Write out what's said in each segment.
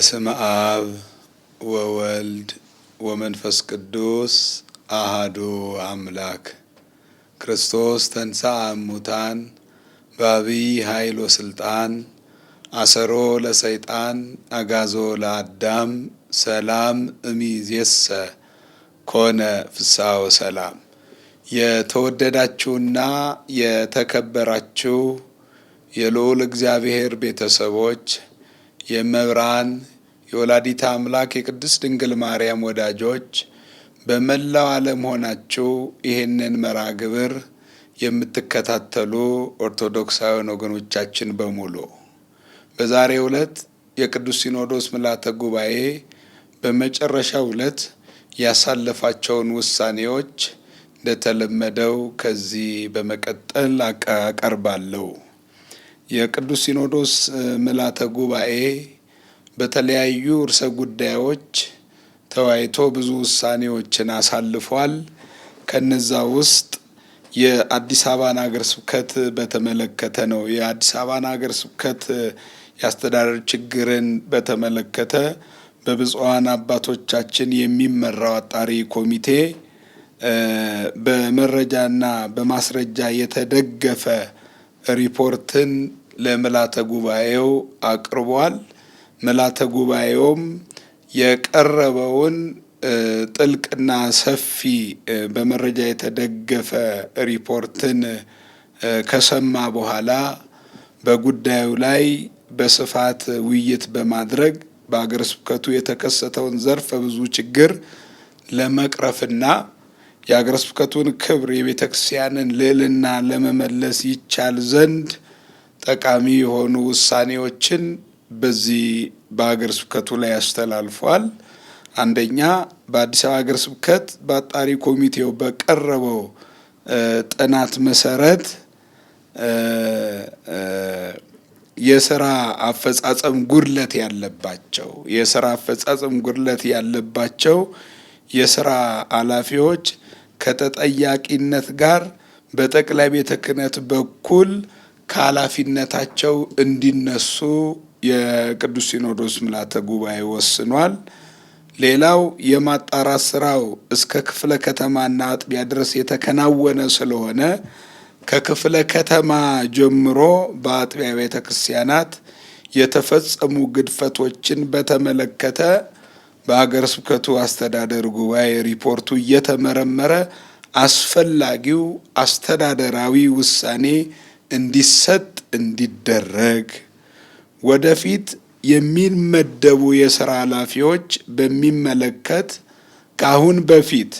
በስም አብ ወወልድ ወመንፈስ ቅዱስ አሃዱ አምላክ ክርስቶስ ተንሳ እሙታን በአብይ ኃይል ወስልጣን አሰሮ ለሰይጣን አጋዞ ለአዳም ሰላም እሚዜሰ ኮነ ፍስሐ ሰላም የተወደዳችሁና የተከበራችሁ የልዑል እግዚአብሔር ቤተሰቦች የመብራን የወላዲታ አምላክ የቅድስት ድንግል ማርያም ወዳጆች በመላው ዓለም ሆናችሁ ይህንን መርሃ ግብር የምትከታተሉ ኦርቶዶክሳውያን ወገኖቻችን በሙሉ በዛሬው ዕለት የቅዱስ ሲኖዶስ ምልዓተ ጉባኤ በመጨረሻው ዕለት ያሳለፋቸውን ውሳኔዎች እንደተለመደው ከዚህ በመቀጠል አቀርባለሁ። የቅዱስ ሲኖዶስ ምልዓተ ጉባኤ በተለያዩ ርዕሰ ጉዳዮች ተወያይቶ ብዙ ውሳኔዎችን አሳልፏል። ከነዛ ውስጥ የአዲስ አበባን ሀገር ስብከት በተመለከተ ነው። የአዲስ አበባን ሀገር ስብከት የአስተዳደር ችግርን በተመለከተ በብፁዓን አባቶቻችን የሚመራው አጣሪ ኮሚቴ በመረጃና በማስረጃ የተደገፈ ሪፖርትን ለምልዓተ ጉባኤው አቅርቧል። መላተ ጉባኤውም የቀረበውን ጥልቅና ሰፊ በመረጃ የተደገፈ ሪፖርትን ከሰማ በኋላ በጉዳዩ ላይ በስፋት ውይይት በማድረግ በአገረ ስብከቱ የተከሰተውን ዘርፈ ብዙ ችግር ለመቅረፍና የአገረ ስብከቱን ክብር የቤተ ክርስቲያንን ልዕልና ለመመለስ ይቻል ዘንድ ጠቃሚ የሆኑ ውሳኔዎችን በዚህ በሀገር ስብከቱ ላይ ያስተላልፏል። አንደኛ በአዲስ አበባ ሀገር ስብከት በአጣሪ ኮሚቴው በቀረበው ጥናት መሰረት የስራ አፈጻጸም ጉድለት ያለባቸው የስራ አፈጻጸም ጉድለት ያለባቸው የስራ ኃላፊዎች ከተጠያቂነት ጋር በጠቅላይ ቤተ ክህነት በኩል ከኃላፊነታቸው እንዲነሱ የቅዱስ ሲኖዶስ ምልዓተ ጉባኤ ወስኗል። ሌላው የማጣራት ስራው እስከ ክፍለ ከተማና አጥቢያ ድረስ የተከናወነ ስለሆነ ከክፍለ ከተማ ጀምሮ በአጥቢያ ቤተ ክርስቲያናት የተፈጸሙ ግድፈቶችን በተመለከተ በሀገረ ስብከቱ አስተዳደር ጉባኤ ሪፖርቱ እየተመረመረ አስፈላጊው አስተዳደራዊ ውሳኔ እንዲሰጥ እንዲደረግ ወደፊት የሚመደቡ የስራ ኃላፊዎች በሚመለከት ከአሁን በፊት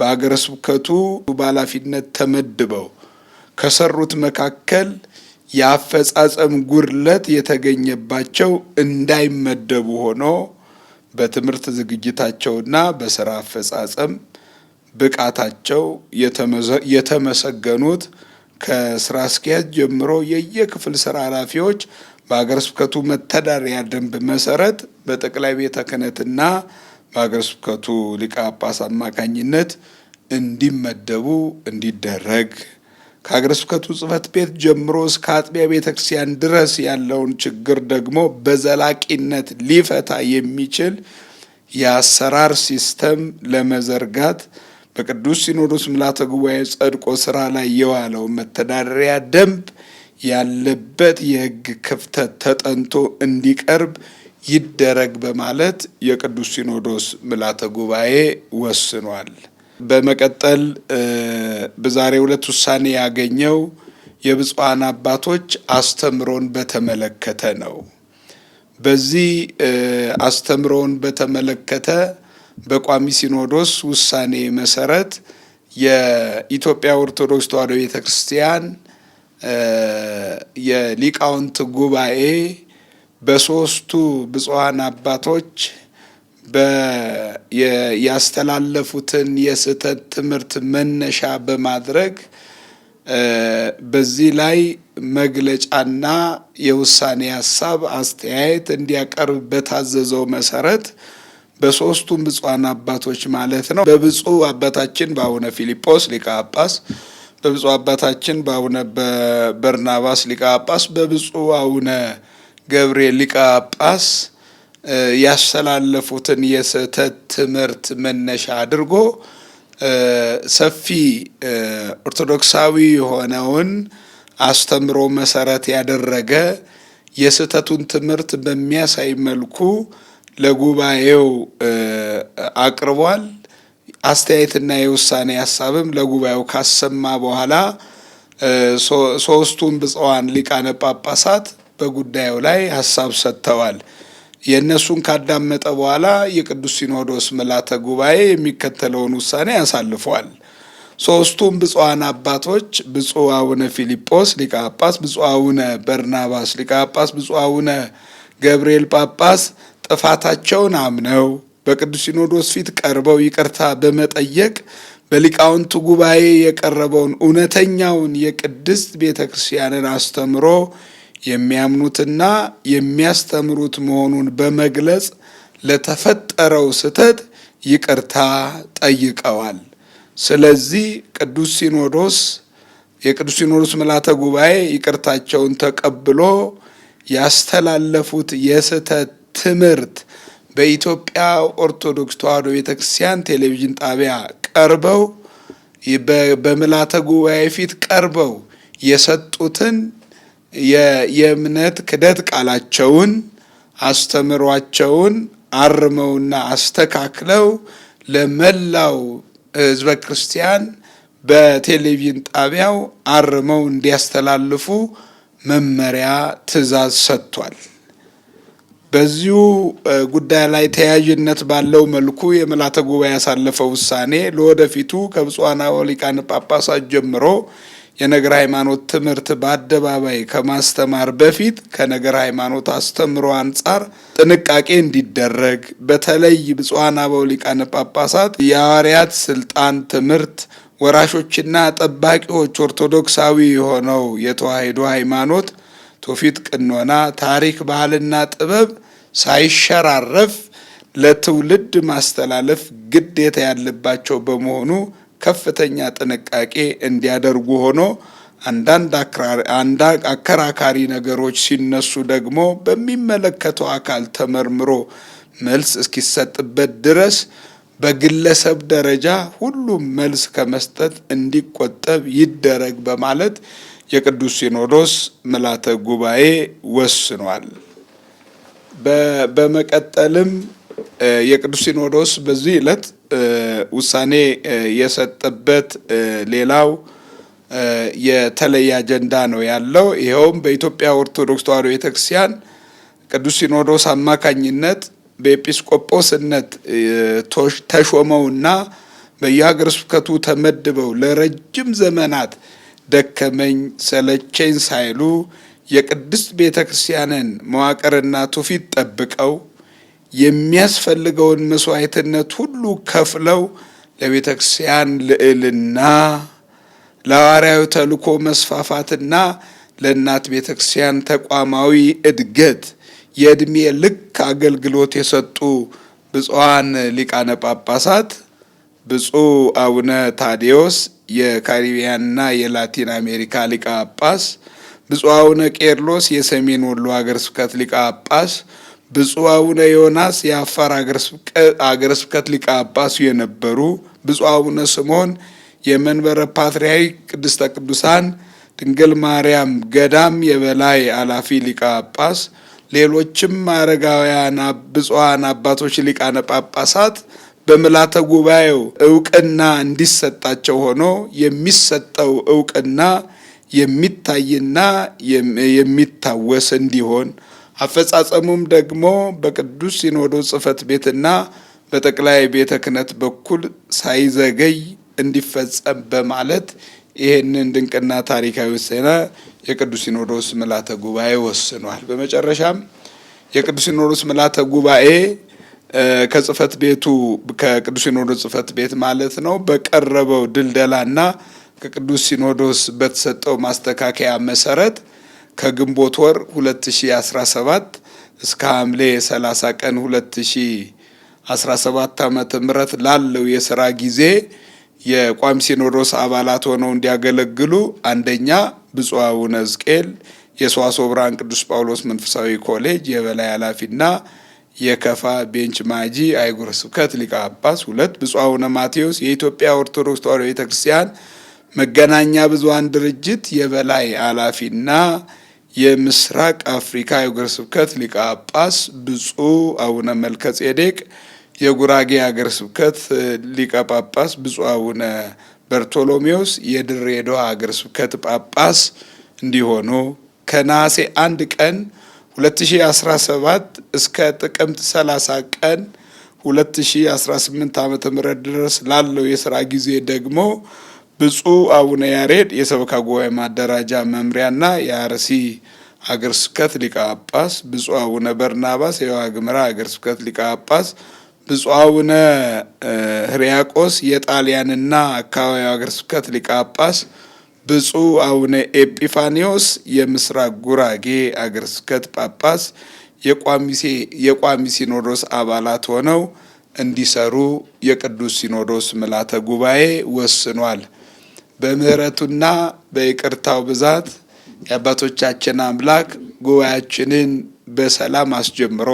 በአገረ ስብከቱ በኃላፊነት ተመድበው ከሰሩት መካከል የአፈጻጸም ጉድለት የተገኘባቸው እንዳይመደቡ ሆኖ በትምህርት ዝግጅታቸውና በስራ አፈጻጸም ብቃታቸው የተመሰገኑት ከስራ አስኪያጅ ጀምሮ የየክፍል ስራ ኃላፊዎች በሀገረ ስብከቱ መተዳደሪያ ደንብ መሰረት በጠቅላይ ቤተ ክህነትና በሀገረ ስብከቱ ሊቀ ጳጳስ አማካኝነት እንዲመደቡ እንዲደረግ ከሀገረ ስብከቱ ጽሕፈት ቤት ጀምሮ እስከ አጥቢያ ቤተ ክርስቲያን ድረስ ያለውን ችግር ደግሞ በዘላቂነት ሊፈታ የሚችል የአሰራር ሲስተም ለመዘርጋት በቅዱስ ሲኖዶስ ምልዓተ ጉባኤ ጸድቆ ስራ ላይ የዋለው መተዳደሪያ ደንብ ያለበት የህግ ክፍተት ተጠንቶ እንዲቀርብ ይደረግ በማለት የቅዱስ ሲኖዶስ ምልዓተ ጉባኤ ወስኗል። በመቀጠል በዛሬ ሁለት ውሳኔ ያገኘው የብፁዓን አባቶች አስተምሮን በተመለከተ ነው። በዚህ አስተምሮን በተመለከተ በቋሚ ሲኖዶስ ውሳኔ መሰረት የኢትዮጵያ ኦርቶዶክስ ተዋሕዶ ቤተክርስቲያን የሊቃውንት ጉባኤ በሶስቱ ብፁዓን አባቶች ያስተላለፉትን የስህተት ትምህርት መነሻ በማድረግ በዚህ ላይ መግለጫና የውሳኔ ሀሳብ አስተያየት እንዲያቀርብ በታዘዘው መሰረት በሶስቱም ብፁዓን አባቶች ማለት ነው በብፁዕ አባታችን በአቡነ ፊሊጶስ ሊቀ ጳጳስ በብፁ አባታችን በአቡነ በርናባስ ሊቀ ጳጳስ በብፁ አቡነ ገብርኤል ሊቀ ጳጳስ ያስተላለፉትን የስህተት ትምህርት መነሻ አድርጎ ሰፊ ኦርቶዶክሳዊ የሆነውን አስተምሮ መሰረት ያደረገ የስህተቱን ትምህርት በሚያሳይ መልኩ ለጉባኤው አቅርቧል። አስተያየትና የውሳኔ ሀሳብም ለጉባኤው ካሰማ በኋላ ሶስቱን ብፁዓን ሊቃነ ጳጳሳት በጉዳዩ ላይ ሀሳብ ሰጥተዋል። የእነሱን ካዳመጠ በኋላ የቅዱስ ሲኖዶስ ምልዓተ ጉባኤ የሚከተለውን ውሳኔ አሳልፏል። ሶስቱም ብፁዓን አባቶች ብፁዕ አቡነ ፊልጶስ ሊቀ ጳጳስ፣ ብፁዕ አቡነ በርናባስ ሊቀ ጳጳስ፣ ብፁዕ አቡነ ገብርኤል ጳጳስ ጥፋታቸውን አምነው በቅዱስ ሲኖዶስ ፊት ቀርበው ይቅርታ በመጠየቅ በሊቃውንቱ ጉባኤ የቀረበውን እውነተኛውን የቅድስት ቤተ ክርስቲያንን አስተምሮ የሚያምኑትና የሚያስተምሩት መሆኑን በመግለጽ ለተፈጠረው ስህተት ይቅርታ ጠይቀዋል። ስለዚህ ቅዱስ ሲኖዶስ የቅዱስ ሲኖዶስ ምልዓተ ጉባኤ ይቅርታቸውን ተቀብሎ ያስተላለፉት የስህተት ትምህርት በኢትዮጵያ ኦርቶዶክስ ተዋሕዶ ቤተክርስቲያን ቴሌቪዥን ጣቢያ ቀርበው በምልዓተ ጉባኤ ፊት ቀርበው የሰጡትን የእምነት ክደት ቃላቸውን አስተምሯቸውን አርመውና አስተካክለው ለመላው ሕዝበ ክርስቲያን በቴሌቪዥን ጣቢያው አርመው እንዲያስተላልፉ መመሪያ ትዕዛዝ ሰጥቷል። በዚሁ ጉዳይ ላይ ተያያዥነት ባለው መልኩ የምልዓተ ጉባኤ ያሳለፈው ውሳኔ ለወደፊቱ ከብፁዓን ሊቃነ ጳጳሳት ጀምሮ የነገር ሃይማኖት ትምህርት በአደባባይ ከማስተማር በፊት ከነገር ሃይማኖት አስተምሮ አንጻር ጥንቃቄ እንዲደረግ በተለይ ብፁዓን አበው ሊቃነ ጳጳሳት የሐዋርያት ስልጣን ትምህርት ወራሾችና ጠባቂዎች ኦርቶዶክሳዊ የሆነው የተዋሕዶ ሃይማኖት ትውፊት፣ ቅኖና፣ ታሪክ፣ ባህልና ጥበብ ሳይሸራረፍ ለትውልድ ማስተላለፍ ግዴታ ያለባቸው በመሆኑ ከፍተኛ ጥንቃቄ እንዲያደርጉ ሆኖ አንዳንድ አከራካሪ ነገሮች ሲነሱ ደግሞ በሚመለከተው አካል ተመርምሮ መልስ እስኪሰጥበት ድረስ በግለሰብ ደረጃ ሁሉም መልስ ከመስጠት እንዲቆጠብ ይደረግ በማለት የቅዱስ ሲኖዶስ ምልዓተ ጉባኤ ወስኗል። በመቀጠልም የቅዱስ ሲኖዶስ በዚህ ዕለት ውሳኔ የሰጠበት ሌላው የተለየ አጀንዳ ነው ያለው። ይኸውም በኢትዮጵያ ኦርቶዶክስ ተዋሕዶ ቤተክርስቲያን ቅዱስ ሲኖዶስ አማካኝነት በኤጲስቆጶስነት ተሾመውና በየሀገረ ስብከቱ ተመድበው ለረጅም ዘመናት ደከመኝ ሰለቸኝ ሳይሉ የቅድስት ቤተ ክርስቲያንን መዋቅርና ትውፊት ጠብቀው የሚያስፈልገውን መስዋዕትነት ሁሉ ከፍለው ለቤተ ክርስቲያን ልዕልና ለሐዋርያዊ ተልእኮ መስፋፋትና ለእናት ቤተ ክርስቲያን ተቋማዊ እድገት የዕድሜ ልክ አገልግሎት የሰጡ ብፁዓን ሊቃነ ጳጳሳት ብፁዕ አቡነ ታዴዎስ የካሪቢያንና የላቲን አሜሪካ ሊቀ ጳጳስ፣ ብፁዕ አቡነ ቄርሎስ የሰሜን ወሎ ሀገረ ስብከት ሊቀ ጳጳስ፣ ብፁዕ አቡነ ዮናስ የአፋር ሀገረ ስብከት ሊቀ ጳጳሱ የነበሩ፣ ብፁዕ አቡነ ስምዖን የመንበረ ፓትርያርክ ቅድስተ ቅዱሳን ድንግል ማርያም ገዳም የበላይ ኃላፊ ሊቀ ጳጳስ፣ ሌሎችም አረጋውያን ብፁዓን አባቶች ሊቃነ ጳጳሳት በምላተ ጉባኤው እውቅና እንዲሰጣቸው ሆኖ የሚሰጠው እውቅና የሚታይና የሚታወስ እንዲሆን አፈጻጸሙም ደግሞ በቅዱስ ሲኖዶስ ጽሕፈት ቤትና በጠቅላይ ቤተ ክህነት በኩል ሳይዘገይ እንዲፈጸም በማለት ይህንን ድንቅና ታሪካዊ ዜና የቅዱስ ሲኖዶስ ምልዓተ ጉባኤ ወስኗል። በመጨረሻም የቅዱስ ሲኖዶስ ምልዓተ ጉባኤ ከጽህፈት ቤቱ ከቅዱስ ሲኖዶስ ጽህፈት ቤት ማለት ነው በቀረበው ድልደላና ከቅዱስ ሲኖዶስ በተሰጠው ማስተካከያ መሰረት ከግንቦት ወር 2017 እስከ ሐምሌ 30 ቀን 2017 ዓመተ ምህረት ላለው የስራ ጊዜ የቋሚ ሲኖዶስ አባላት ሆነው እንዲያገለግሉ አንደኛ ብፁዕ አቡነ ሕዝቅኤል የሰዋስወ ብርሃን ቅዱስ ጳውሎስ መንፈሳዊ ኮሌጅ የበላይ ኃላፊና የከፋ ቤንች ማጂ አህጉረ ስብከት ሊቀ ጳጳስ፣ ሁለት ብፁዕ አቡነ ማቴዎስ የኢትዮጵያ ኦርቶዶክስ ተዋሕዶ ቤተክርስቲያን መገናኛ ብዙኃን ድርጅት የበላይ ኃላፊና የምስራቅ አፍሪካ አህጉረ ስብከት ሊቀ ጳጳስ፣ ብፁዕ አቡነ መልከ ጼዴቅ የጉራጌ ሀገረ ስብከት ሊቀ ጳጳስ፣ ብፁዕ አቡነ በርቶሎሜዎስ የድሬዳዋ ሀገረ ስብከት ጳጳስ እንዲሆኑ ከነሐሴ አንድ ቀን 2017 እስከ ጥቅምት 30 ቀን 2018 ዓ.ም ድረስ ላለው የስራ ጊዜ ደግሞ ብፁዕ አቡነ ያሬድ የሰበካ ጉባኤ ማደራጃ መምሪያና የአርሲ ሀገር ስብከት ሊቀ ጳጳስ፣ ብፁዕ አቡነ በርናባስ የዋግምራ ሀገር ስብከት ሊቀ ጳጳስ፣ ብፁዕ አቡነ ህርያቆስ የጣሊያንና አካባቢው ሀገር ስብከት ሊቀ ጳጳስ ብፁዕ አቡነ ኤጲፋኒዎስ የምስራቅ ጉራጌ አገረ ስብከት ጳጳስ የቋሚ ሲኖዶስ አባላት ሆነው እንዲሰሩ የቅዱስ ሲኖዶስ ምልዓተ ጉባኤ ወስኗል። በምሕረቱና በይቅርታው ብዛት የአባቶቻችን አምላክ ጉባኤያችንን በሰላም አስጀምሮ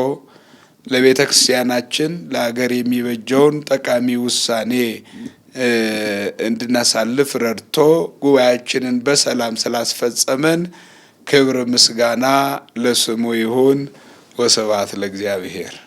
ለቤተ ክርስቲያናችን ለሀገር የሚበጀውን ጠቃሚ ውሳኔ እንድናሳልፍ ረድቶ ጉባኤያችንን በሰላም ስላስፈጸመን ክብር ምስጋና ለስሙ ይሁን። ወስብሐት ለእግዚአብሔር።